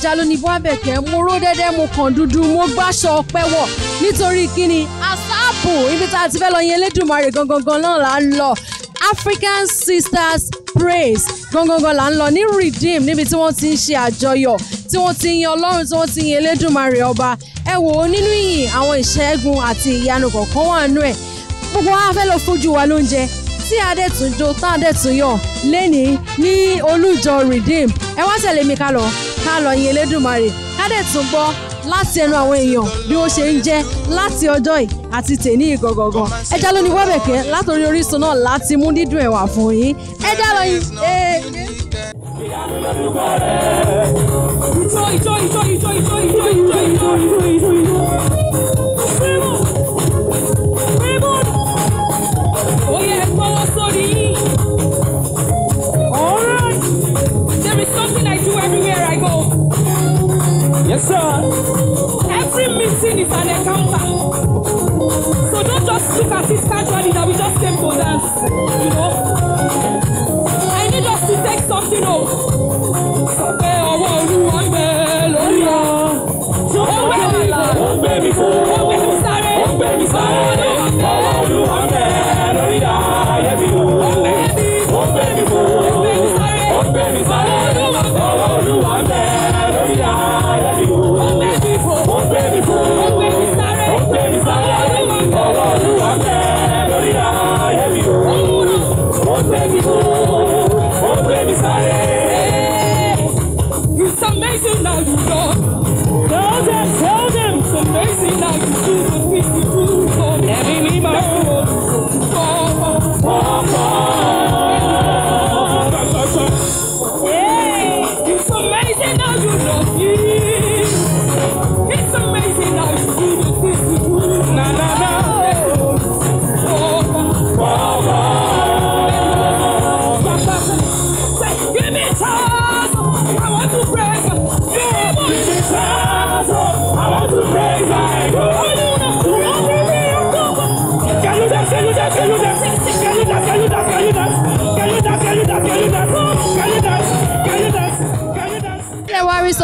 àjà ló ní bọ́ àbẹ̀kẹ́ mo ró dẹ́dẹ́ mo kàn dúdú mo gbáṣọ ọpẹ́ nítorí kíni àsáàpù ibi tá a ti fẹ́ lọ yẹn Elédùmarè gangan náà là ń lọ African Sisters Praise gangan là ń lọ ní Redeem níbi tí wọ́n ti ń ṣe àjọyọ̀ tí wọ́n ti yin Ọlọ́run tí wọ́n ti yin Elédùmarè ọba ẹ wò ó nínú ìyìn àwọn ìṣẹ́gun àti ìyanu kọ̀ọ̀kan wà nú ẹ̀ gbogbo wa fẹ́ lọ fojú wa lóúnjẹ tí a dẹ̀ tún jó tá a dẹ̀ tún yọ̀ lẹ́ni ní olùjọ redeem ẹ wá tẹ̀lé mi ká lọ ká lọ yin Elédùmarè ká dẹ̀ tún gbọ́ láti ẹnu àwọn èèyàn bí ó ṣe ń jẹ́ láti ọjọ́ yìí àti tèní ìgangangan ẹja ló ní wẹ́bẹ̀kẹ́ látòrí Orísun náà láti mú dídùn ẹ̀wà fún yín ẹja lọ yin. ìjọ ìjọ ìjọ ìjọ ìjọ ìjọ ìjọ ìjọ ìjọ ìjọ ìjọ. So every meeting is an encounter. So don't just look at it casually that we just came for dance, you know. I need us to take something off. Ọ̀pẹ ọwọ́ olúwa oh baby, lórí ọ. Ó gbé mi fò, ó gbé mi sáré, ó gbé mi sáré.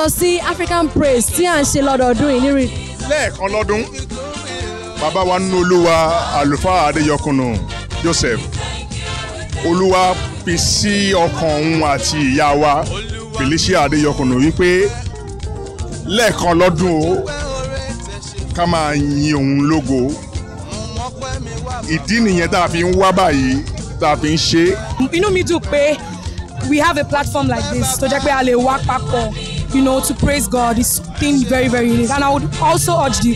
lọ sí African praise tí à ń ṣe lọ́dọọdún yìí nírì. lẹ́ẹ̀kan lọ́dún bàbá wa nínú olúwa àlùfáà adéyọkùnù Joseph olúwa fi sí ọkàn òun àti ìyá wa Felicia adéyọkùnù wípé lẹ́ẹ̀kan lọ́dún o ká máa yin òun lógo ìdí nìyẹn tá a fi ń wá báyìí tá a fi ń ṣe. inú mi dùn pé we have a platform like this tó jẹ́ pé a lè wá papọ̀ you know, to praise God is thing very, very nice, And I would also urge the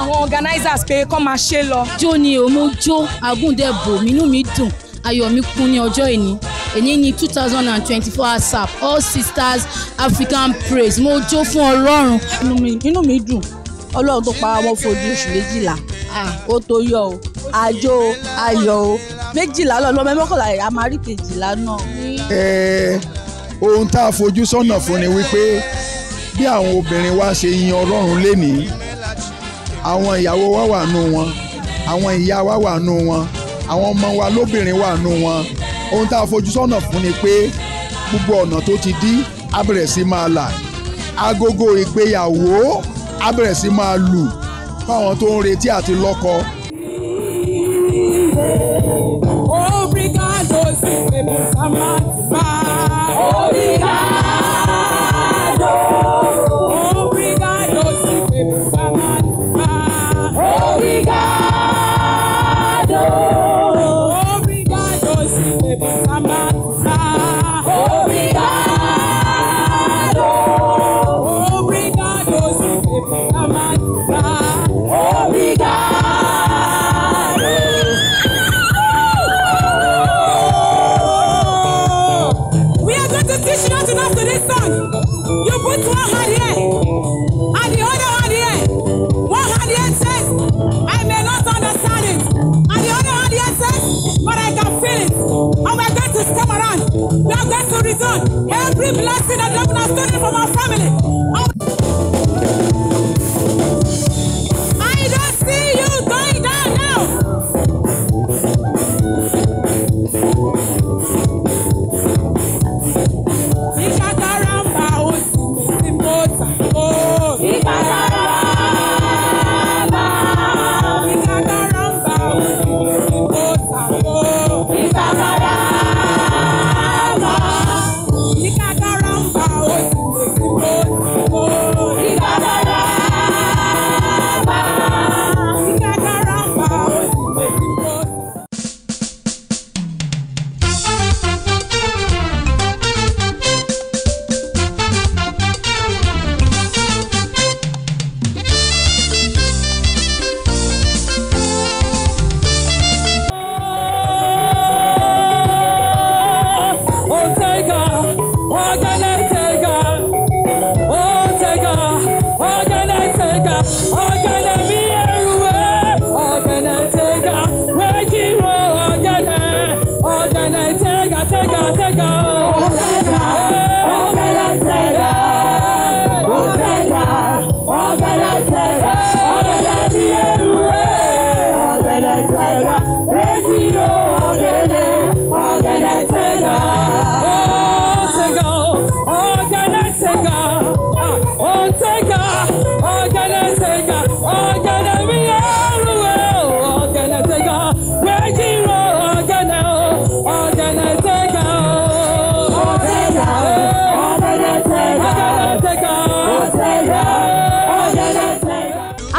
àwọn organizers pé kọ́ máa ṣe lọ. jó ni o mo jó agúndẹ̀bò inú mi dùn ayọ̀ mi kún ní ọjọ́ ìní èyí ni two thousand and twenty-four asap all sisters african praise mo jó fún ọlọ́run. inú mi dùn ọlọ́run tó pa wọ́n fojú oṣù méjìlá ó tó yọ o àjò ayọ̀ o méjìlá lọ́ọ́ lọ́mọ mọ́kànlá àmàrí kejìlá náà ohun tá a fojú sọ́nà fún ni wípé bí àwọn obìnrin wa ṣe yin ọlọ́run lénìí àwọn ìyàwó wa wà nù wọn àwọn ìyá wa wà nù wọn àwọn ọmọ wa lóbìnrin wà nù wọn ohun tá a fojú sọ́nà fún ni pé gbogbo ọ̀nà tó ti dí á bẹ̀rẹ̀ sí máa là agogo ìgbéyàwó á bẹ̀rẹ̀ sí máa lù fún àwọn tó ń retí àti lọ́kọ. Obrigado, sim, God, every blessing that the has stolen from our family,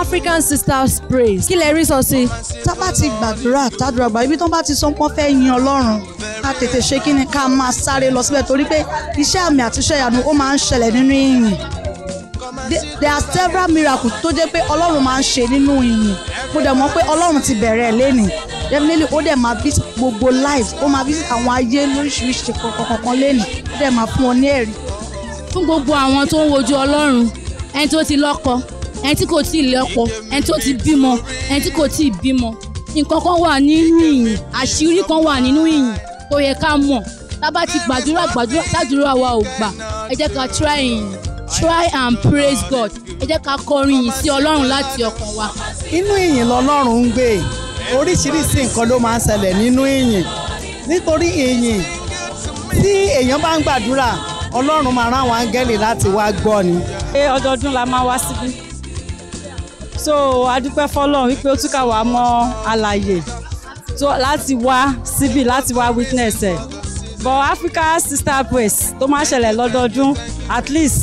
African sisters praise kí lẹ rí sọ sí. tá bá ti gbàdúrà tádùrà gbà ibi tó bá ti sọ pé wọ́n fẹ́ yin Ọlọ́run ká tètè ṣe kí ni ká máa sáré lọ síbẹ̀ torí pé iṣẹ́ àmì àti iṣẹ́ ìyanu ó máa ń ṣẹlẹ̀ nínú ìyìn there are several miracles tó jẹ́ pé Ọlọ́run máa ń ṣe nínú ìyìn mo dẹ̀ mọ̀ pé Ọlọ́run ti bẹ̀rẹ̀ lẹ́nìí definitely ó dẹ̀ máa visit gbogbo life ó máa visit àwọn ayé lóríṣiríṣi kọ̀ọ̀kan lẹ́nìí ó dẹ̀ máa fún ọ ní ẹ̀rí. fún gbogbo àwọn tó ń wojú Ọlọ́run ẹni tó ti lọ́kọ ẹni tí kò tí ì lọ́kọ ẹni tó ti bímọ ẹni tí kò tí ì bímọ nǹkan kan wà nínú ìyìn àṣírí kan wà nínú ìyìn tó yẹ ká mọ̀ tábà ti gbàdúrà gbàdúrà tádúrà wa ò gbà ẹ jẹ́ ká try ìyìn try and praise God ẹ jẹ́ ká kọrin ìyìn sí Ọlọ́run láti ọkàn wa. inú ìyìn lọ́lọ́run ń gbé oríṣiríṣi nǹkan ló máa ń ṣẹlẹ̀ nínú ìyìn nítorí ìyìn tí èèyàn bá ń gbàdúrà Ọlọ́run máa rán àwọn áńgẹ́lì láti wá gbọ́ ni. ṣé ọdọọdún la máa wá síbí so adúpẹ́ fọlọ́run wípé ó túkà wá mọ́ àlàyé so láti wá síbí láti wá witness ẹ̀ but Africa Sister Praise tó máa ṣẹlẹ̀ lọ́dọọdún at least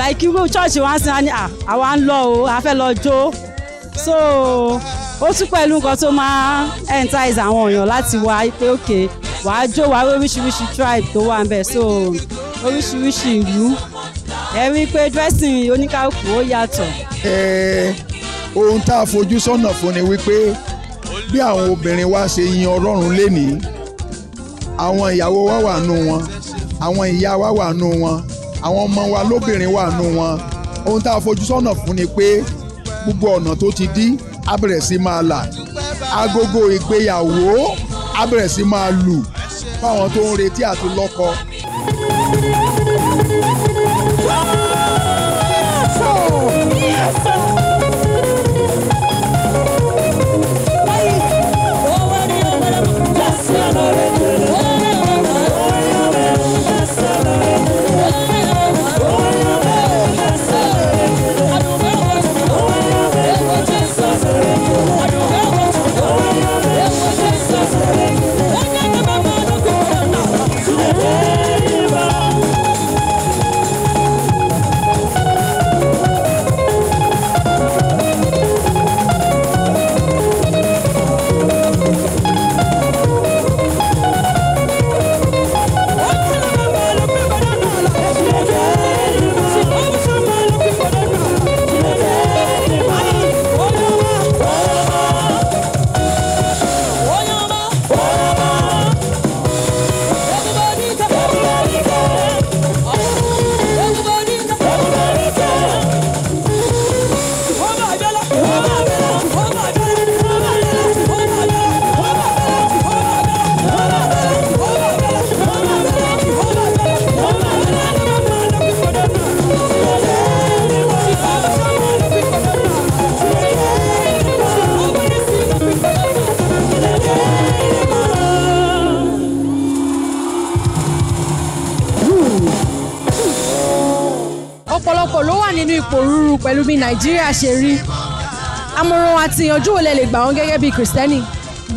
like irú church wa ń sin àní àwa ń lọ o a fẹ́ lọ jó so ó tún pẹ̀lú nǹkan tó máa entice àwọn èèyàn láti wá pé òkè wàá jó wàá oríṣiríṣi tribe tó wà ń so oríṣiríṣi ìlú ẹ rí i pé dressing oníkàkùn ó yàtọ̀ ohun tá a fojú sọ́nà fún ni wípé bí àwọn obìnrin wa ṣe yin ọlọ́run lénìí àwọn ìyàwó wa wà nù wọn àwọn ìyá wa wà nù wọn àwọn ọmọ wa lóbìnrin wà nù wọn ohun tá a fojú sọ́nà fún ni pé gbogbo ọ̀nà tó ti dí á bẹ̀rẹ̀ sí máa là agogo ìgbéyàwó á bẹ̀rẹ̀ sí máa lù fáwọn tó ń retí àti lọ́kọ. Yes, sir. pẹ̀lú bí nàìjíríà ṣe rí àmọ̀ràn àti ìyànjú wo lẹ lè gbà wọ́n gẹ́gẹ́ bí kìrìsìtẹ́nì.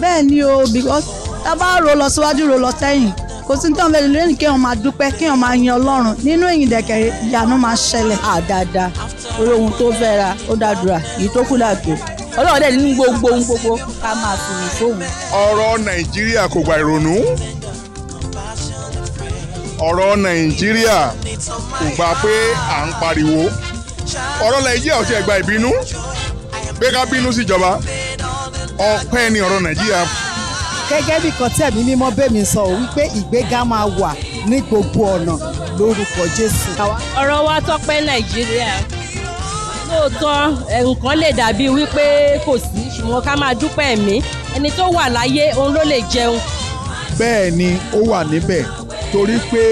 bẹ́ẹ̀ ni o because tá a bá rò lọ síwájú rò lọ sẹ́yìn kò sí tó ń bẹ lórí kéèyàn máa dúpẹ́ kéèyàn máa yin ọlọ́run nínú ìyìn dẹ̀kẹ̀rẹ̀ ìyanu máa ṣẹlẹ̀. àdàdà orí ohun tó fẹ́ ra ó dàdúrà èyí tó kù làgbò ọlọ́run dẹ̀ nínú gbogbo ohun gbogbo ká máa fòrò fóun. ọ̀rọ̀ nàìjíríà kò gba ìrònú ọ̀rọ̀ nàìjíríà kò gba pé à ń pariwo ọ̀rọ̀ nàìjíríà ò tiẹ̀ gba ìbínú pé ká bínú síjọba ọpẹ́ ni ọ̀rọ̀ nàìjíríà. gẹ́gẹ́ bí kan tí ẹ̀mí mímọ́ mi sọ wípé ìgbéga máa wà ní gbogbo ọ̀nà lórúkọ jésù. ọ̀rọ̀ wa tọ́pẹ́ nàìjíríà lóòótọ́ nǹkan lè dàbí wípé kò sí ṣùgbọ́n ká máa dúpẹ́ ẹ̀mí ẹni tó wà láyé òun ló lè jẹun. bẹ́ẹ̀ ni ó wà níbẹ̀ torí pé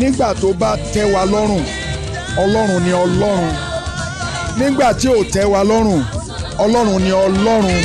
nígbà tó bá tẹ́ wa lọ́rùn ọlọ́run ni ọlọ́run nígbà tí ò tẹ́ wa lọ́rùn ọlọ́run ni ọlọ́run.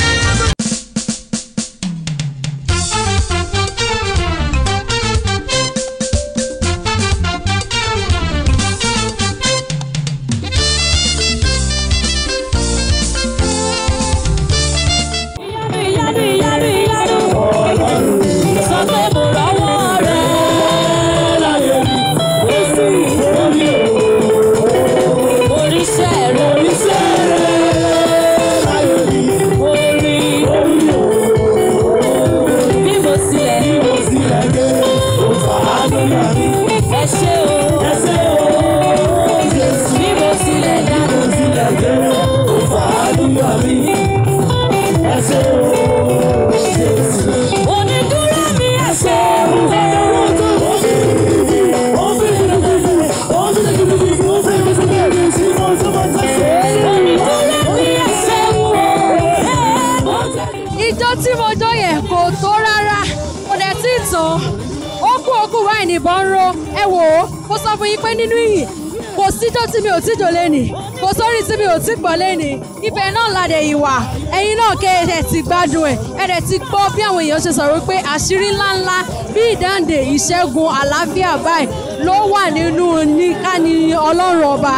tí mi ò tí jò lẹ́nì kò sórí tí mi ò tí gbọ́ lẹ́nì ibẹ̀ náà la ìwà ẹ̀yin náà kẹ́ ẹ̀ ti gbádùn ẹ̀ ẹ̀ dẹ̀ ti gbọ́ bí àwọn èèyàn ṣe sọ̀rọ̀ pé àṣírí ńláńlá bí ìdáǹdè ìṣẹ́gun àlàáfíà báyìí ló wà nínú níkànnì ọlọ́run ọba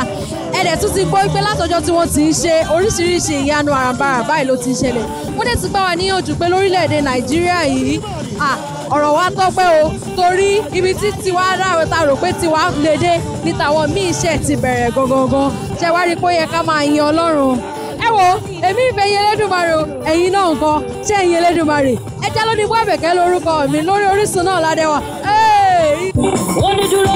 ẹ̀dẹ̀ tún ti gbọ́ pé látọjọ́ tí wọ́n ti ń ṣe oríṣiríṣi ìyanu àràǹbarà báyìí ló ti ń ṣẹlẹ̀ wọ́n dẹ̀ tún gbà wá níyànjú pé lórílẹ̀ ọ̀rọ̀ wa tọ́pẹ́ o torí ibi tí tiwa dáwọ́ ta rò pé tiwa lè dé ní tàwọn míì ṣe ti bẹ̀rẹ̀ gangan ṣe wá rí i pé ó yẹ ká máa yin ọlọ́run ẹ wo èmi ìfẹ́ yin elédùnmarè o ẹ̀yin náà nǹkan ṣé ẹ̀yin elédùnmarè ẹ jẹ́ ló ní bó ẹ̀bẹ̀kẹ́ lórúkọ mi lórí Orísun náà ládẹ́wà onídúró onídúró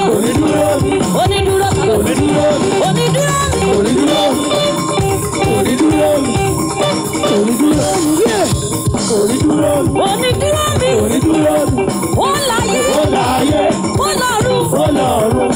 onídúró onídúró onídúró onídúró onídúró onídúró onídúró mi onídúró mi ó láyé ó lọ́run ó lọ́run.